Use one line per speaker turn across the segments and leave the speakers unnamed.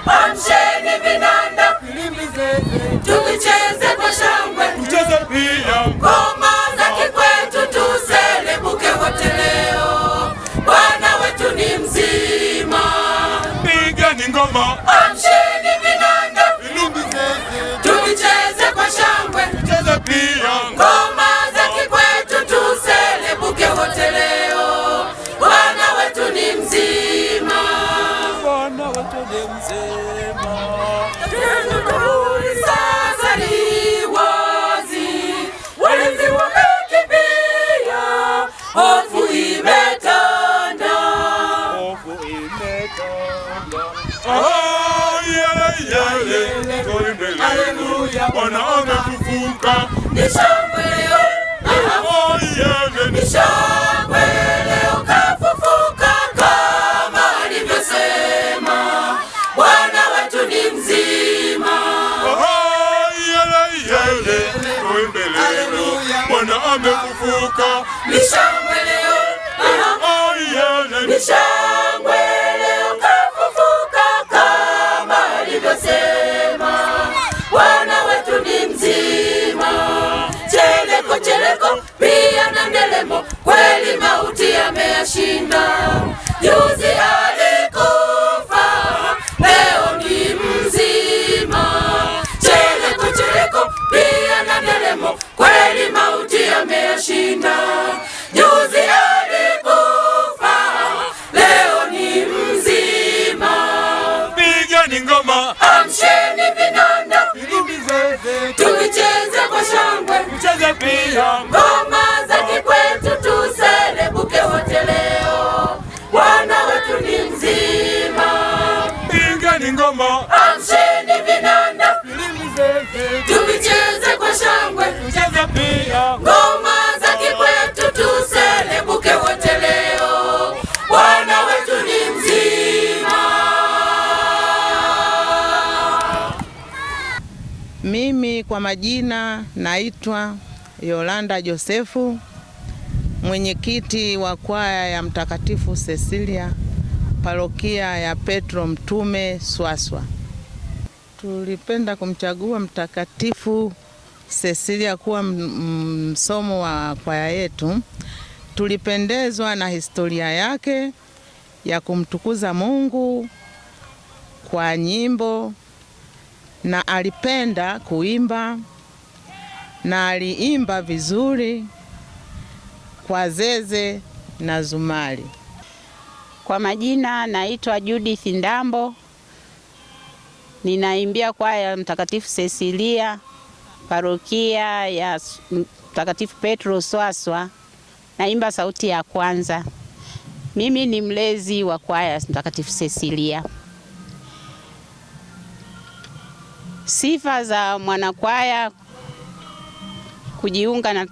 Pan się Bwana amefufuka. Ni shangwe leo, ni shangwe
kwa majina naitwa Yolanda Josefu, mwenyekiti wa kwaya ya Mtakatifu Cecilia parokia ya Petro Mtume Swaswa. Tulipenda kumchagua Mtakatifu Cecilia kuwa msomo wa kwaya yetu. Tulipendezwa na historia yake ya kumtukuza Mungu kwa nyimbo na alipenda kuimba na aliimba vizuri kwa zeze na zumari. Kwa majina naitwa Judith Ndambo, ninaimbia kwaya Mtakatifu Cecilia parokia ya Mtakatifu Petro Swaswa, naimba sauti ya kwanza. Mimi ni mlezi wa kwaya Mtakatifu Cecilia. Sifa za mwanakwaya kujiunga na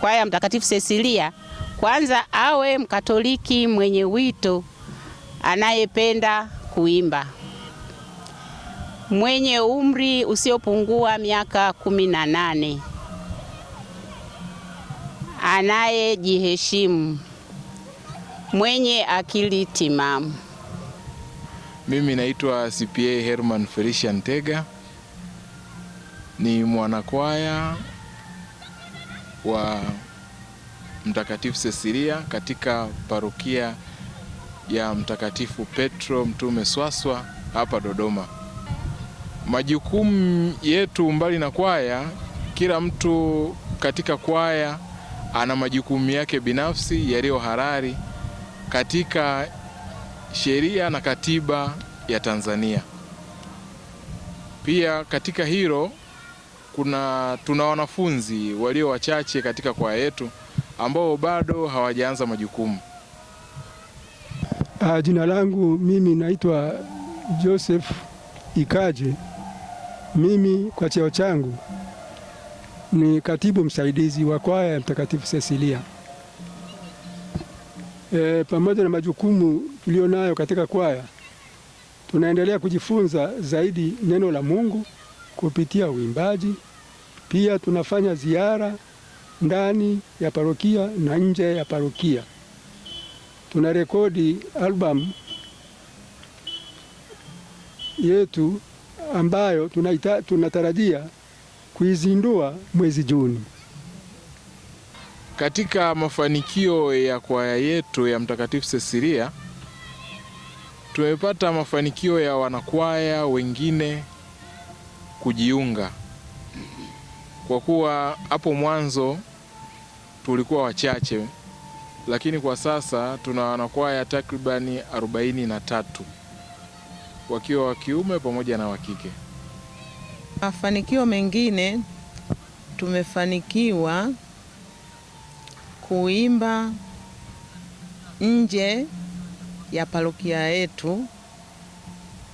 kwaya Mtakatifu Cecilia, kwanza awe Mkatoliki mwenye wito, anayependa kuimba, mwenye umri usiopungua miaka kumi na nane, anayejiheshimu, mwenye akili timamu.
Mimi naitwa CPA Herman Felician Tega. Ni mwanakwaya wa Mtakatifu Cecilia katika parokia ya Mtakatifu Petro Mtume Swaswa hapa Dodoma. Majukumu yetu mbali na kwaya, kila mtu katika kwaya ana majukumu yake binafsi yaliyo halali katika sheria na katiba ya Tanzania. Pia katika hilo kuna tuna wanafunzi walio wachache katika kwaya yetu ambao bado hawajaanza majukumu. Uh, jina langu mimi naitwa Joseph Ikaje. Mimi kwa cheo changu ni katibu msaidizi wa kwaya ya Mtakatifu Cecilia. E, pamoja na majukumu tulionayo katika kwaya tunaendelea kujifunza zaidi neno la Mungu kupitia uimbaji. Pia tunafanya ziara ndani ya parokia na nje ya parokia. Tunarekodi albamu yetu ambayo tunaita, tunatarajia kuizindua mwezi Juni. Katika mafanikio ya kwaya yetu ya Mtakatifu Cecilia tumepata mafanikio ya wanakwaya wengine kujiunga, kwa kuwa hapo mwanzo tulikuwa wachache, lakini kwa sasa tuna wanakwaya takribani arobaini na tatu wakiwa wa kiume pamoja na wa kike.
Mafanikio mengine tumefanikiwa kuimba nje ya parokia yetu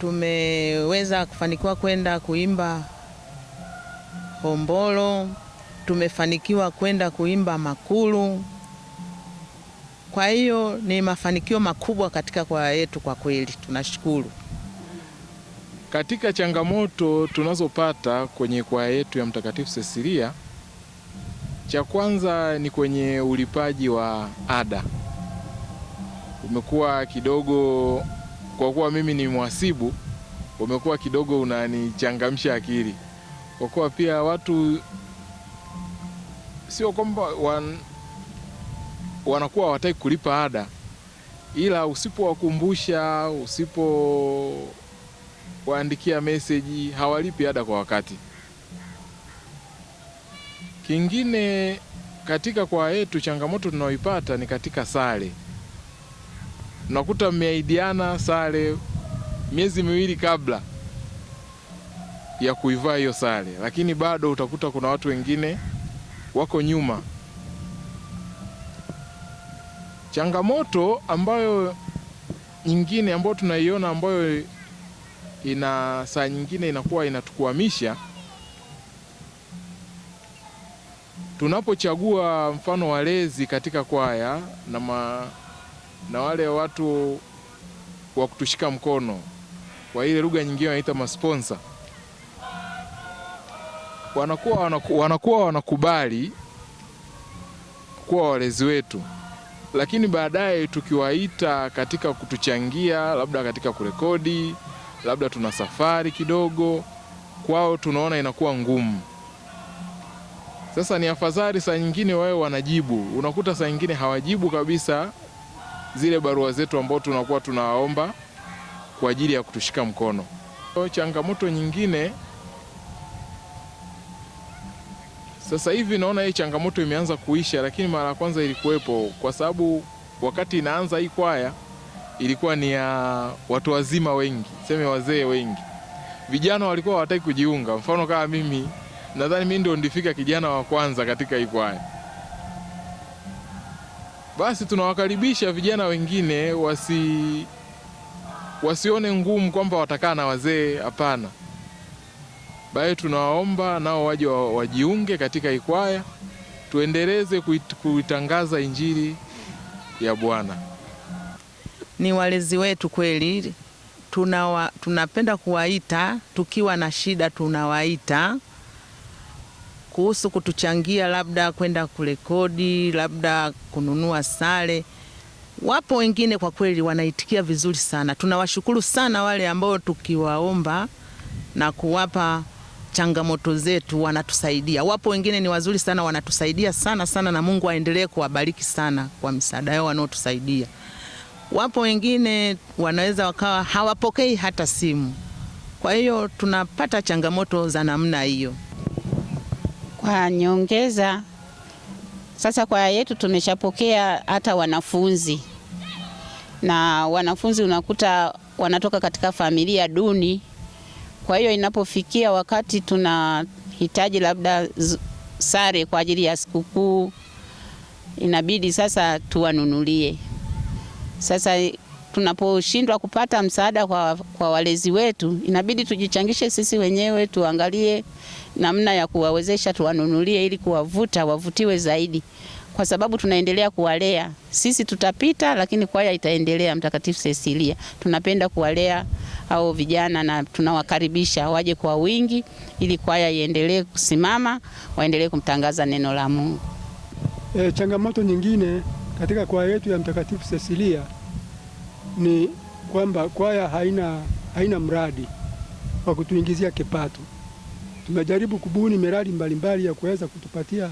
tumeweza kufanikiwa kwenda kuimba Hombolo, tumefanikiwa kwenda kuimba Makulu. Kwa hiyo ni mafanikio makubwa katika kwaya yetu kwa kweli, tunashukuru.
Katika changamoto tunazopata kwenye kwaya yetu ya Mtakatifu Cecilia, cha kwanza ni kwenye ulipaji wa ada, umekuwa kidogo kwa kuwa mimi ni mhasibu, umekuwa kidogo unanichangamsha akili, kwa kuwa pia watu sio kwamba wan, wanakuwa hawataki kulipa ada, ila usipowakumbusha, usipowaandikia meseji hawalipi ada kwa wakati. Kingine katika kwa yetu changamoto tunaoipata ni katika sare unakuta mmeaidiana sare miezi miwili kabla ya kuivaa hiyo sare, lakini bado utakuta kuna watu wengine wako nyuma. Changamoto ambayo nyingine ambayo tunaiona ambayo ina saa nyingine inakuwa inatukwamisha tunapochagua mfano walezi katika kwaya na ma na wale watu wa kutushika mkono, kwa ile lugha nyingine wanaita masponsa, wanakuwa wanaku, wanakuwa wanakubali kuwa walezi wetu, lakini baadaye tukiwaita katika kutuchangia, labda katika kurekodi, labda tuna safari kidogo, kwao tunaona inakuwa ngumu. Sasa ni afadhali saa nyingine wawe wanajibu, unakuta saa nyingine hawajibu kabisa zile barua zetu ambao tunakuwa tunawaomba kwa ajili ya kutushika mkono. Changamoto nyingine sasa hivi naona hii changamoto imeanza kuisha, lakini mara ya kwanza ilikuwepo, kwa sababu wakati inaanza hii kwaya ilikuwa ni ya watu wazima wengi, seme wazee wengi, vijana walikuwa hawataki kujiunga. Mfano kama mimi, nadhani mimi ndio ndifika kijana wa kwanza katika hii kwaya. Basi tunawakaribisha vijana wengine wasi wasione ngumu kwamba watakaa na wazee, hapana. Bali tunawaomba nao waje wajiunge katika ikwaya, tuendeleze kuitangaza injili ya Bwana.
Ni walezi wetu kweli, tunawa, tunapenda kuwaita tukiwa na shida tunawaita kuhusu kutuchangia labda kwenda kurekodi, labda kununua sare. Wapo wengine kwa kweli wanaitikia vizuri sana. Tunawashukuru sana wale ambao tukiwaomba na kuwapa changamoto zetu wanatusaidia. Wapo wengine ni wazuri sana, wanatusaidia sana sana, na Mungu aendelee kuwabariki sana kwa misaada yao wanaotusaidia. Wapo wengine wanaweza wakawa hawapokei hata simu, kwa hiyo tunapata changamoto za namna hiyo
kwa nyongeza. Sasa kwa yetu tumeshapokea hata wanafunzi na wanafunzi unakuta wanatoka katika familia duni. Kwa hiyo inapofikia wakati tunahitaji labda sare kwa ajili ya sikukuu, inabidi sasa tuwanunulie. Sasa tunaposhindwa kupata msaada kwa, kwa walezi wetu, inabidi tujichangishe sisi wenyewe, tuangalie namna ya kuwawezesha tuwanunulie, ili kuwavuta wavutiwe zaidi, kwa sababu tunaendelea kuwalea. Sisi tutapita, lakini kwaya itaendelea. Mtakatifu Cecilia, tunapenda kuwalea au vijana na tunawakaribisha waje kwa wingi, ili kwaya iendelee kusimama, waendelee kumtangaza neno la Mungu.
E, changamoto nyingine katika kwaya yetu ya Mtakatifu Cecilia ni kwamba kwaya haina, haina mradi wa kutuingizia kipato. Tumejaribu kubuni miradi mbalimbali ya kuweza kutupatia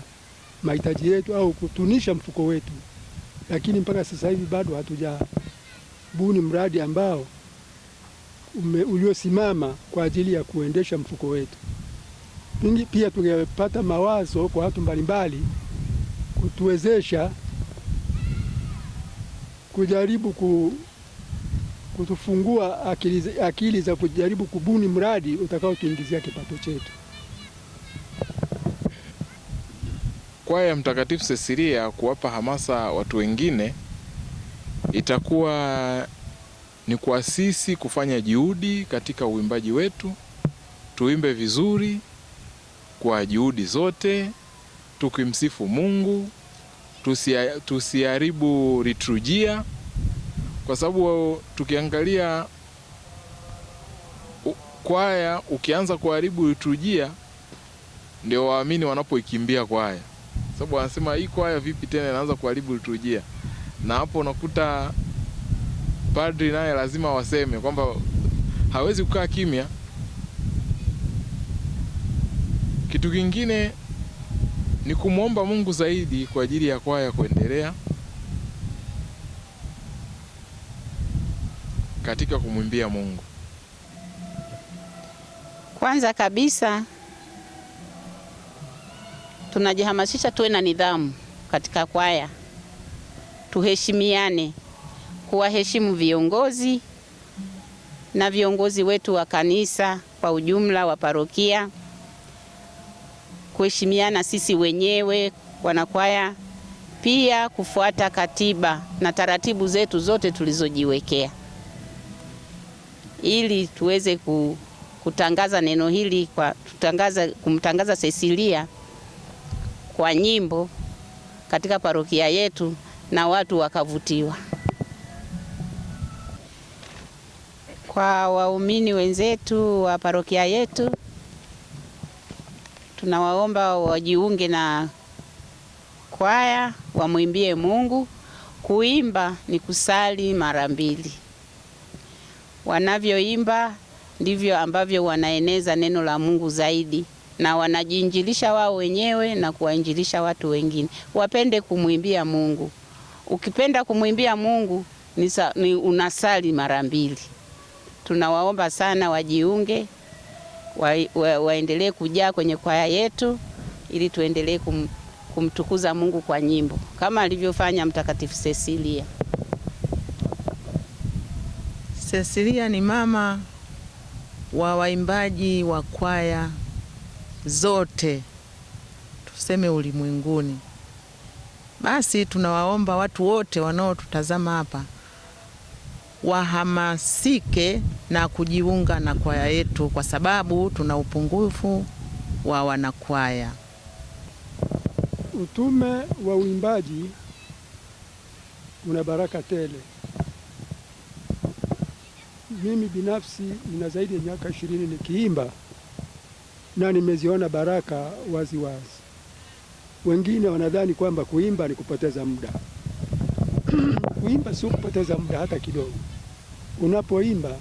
mahitaji yetu au kutunisha mfuko wetu, lakini mpaka sasa hivi bado hatujabuni mradi ambao uliosimama kwa ajili ya kuendesha mfuko wetu. Pia tungepata mawazo kwa watu mbalimbali kutuwezesha kujaribu ku, kutufungua akili, akili za kujaribu kubuni mradi utakaotuingizia kipato chetu. kwaya Mtakatifu Cecilia kuwapa hamasa watu wengine itakuwa ni kwa sisi kufanya juhudi katika uimbaji wetu, tuimbe vizuri kwa juhudi zote, tukimsifu Mungu, tusia, tusiharibu liturujia, kwa sababu tukiangalia kwaya, ukianza kuharibu liturujia ndio waamini wanapoikimbia kwaya sababu anasema iko haya vipi tena, inaanza kuharibu liturujia, na hapo unakuta padri naye lazima waseme kwamba hawezi kukaa kimya. Kitu kingine ni kumwomba Mungu zaidi kwa ajili ya kwaya kuendelea katika kumwimbia Mungu.
Kwanza kabisa tunajihamasisha tuwe na nidhamu katika kwaya, tuheshimiane, kuwaheshimu viongozi na viongozi wetu wa kanisa kwa ujumla, wa parokia, kuheshimiana sisi wenyewe wanakwaya, pia kufuata katiba na taratibu zetu zote tulizojiwekea ili tuweze kutangaza neno hili kwa kumtangaza Cecilia kwa nyimbo katika parokia yetu na watu wakavutiwa. Kwa waumini wenzetu wa parokia yetu, tunawaomba wajiunge na kwaya wamwimbie Mungu. Kuimba ni kusali mara mbili. Wanavyoimba ndivyo ambavyo wanaeneza neno la Mungu zaidi na wanajiinjilisha wao wenyewe na kuwainjilisha watu wengine. Wapende kumwimbia Mungu. Ukipenda kumwimbia Mungu ni, sa, ni unasali mara mbili. Tunawaomba sana wajiunge wa, wa, waendelee kujaa kwenye kwaya yetu ili tuendelee kum, kumtukuza Mungu kwa nyimbo kama alivyofanya Mtakatifu Cecilia.
Cecilia ni mama wa waimbaji wa kwaya zote, tuseme ulimwenguni. Basi tunawaomba watu wote wanaotutazama hapa wahamasike na kujiunga na kwaya yetu, kwa sababu tuna upungufu wa wanakwaya.
Utume wa uimbaji una baraka tele. Mimi binafsi nina zaidi ya miaka ishirini nikiimba na nimeziona baraka waziwazi wazi. Wengine wanadhani kwamba kuimba ni kupoteza muda kuimba sio kupoteza muda hata kidogo. Unapoimba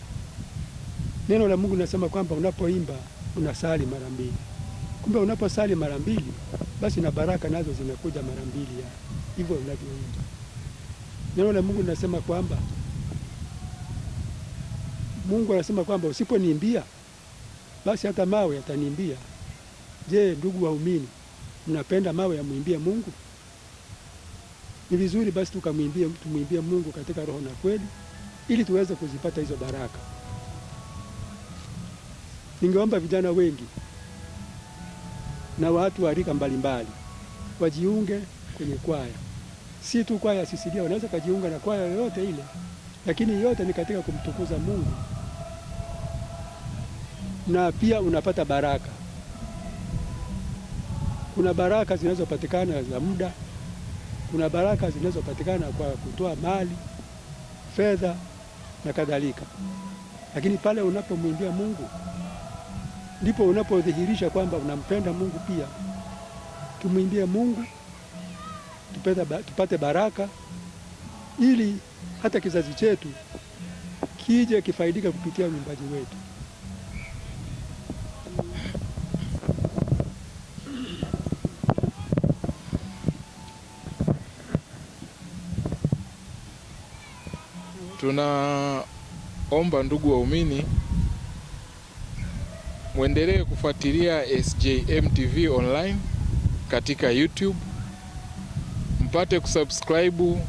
neno la Mungu linasema kwamba unapoimba unasali mara mbili. Kumbe unaposali mara mbili, basi na baraka nazo zinakuja mara mbili ya hivyo unavyoimba. Neno la Mungu linasema kwamba Mungu anasema kwamba usiponiimbia basi hata mawe yataniimbia. Je, ndugu waumini, mnapenda mawe yamwimbie Mungu? Ni vizuri basi tukamwimbie, tumwimbie Mungu katika roho na kweli, ili tuweze kuzipata hizo baraka. Ningeomba vijana wengi na watu wa rika mbalimbali wajiunge kwenye kwaya, si tu kwaya ya Sisidia, wanaweza kajiunga na kwaya yoyote ile, lakini yote ni katika kumtukuza Mungu na pia unapata baraka. Kuna baraka zinazopatikana za muda, kuna baraka zinazopatikana kwa kutoa mali, fedha na kadhalika, lakini pale unapomwimbia Mungu ndipo unapodhihirisha kwamba unampenda Mungu. Pia tumwimbie Mungu tupate baraka, ili hata kizazi chetu kije kifaidika kupitia uimbaji wetu. Tunaomba ndugu waumini mwendelee kufuatilia SJM TV online katika YouTube, mpate kusubscribe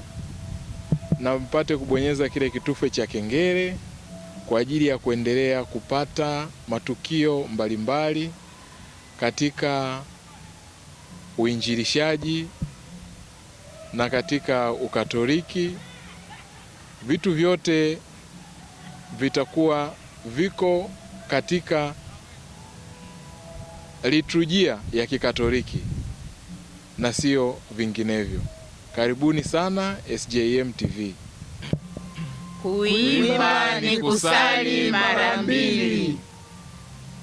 na mpate kubonyeza kile kitufe cha kengele kwa ajili ya kuendelea kupata matukio mbalimbali mbali katika uinjilishaji na katika Ukatoliki. Vitu vyote vitakuwa viko katika liturujia ya Kikatoliki na sio vinginevyo. Karibuni sana SJM TV.
Kuimba ni kusali mara mbili.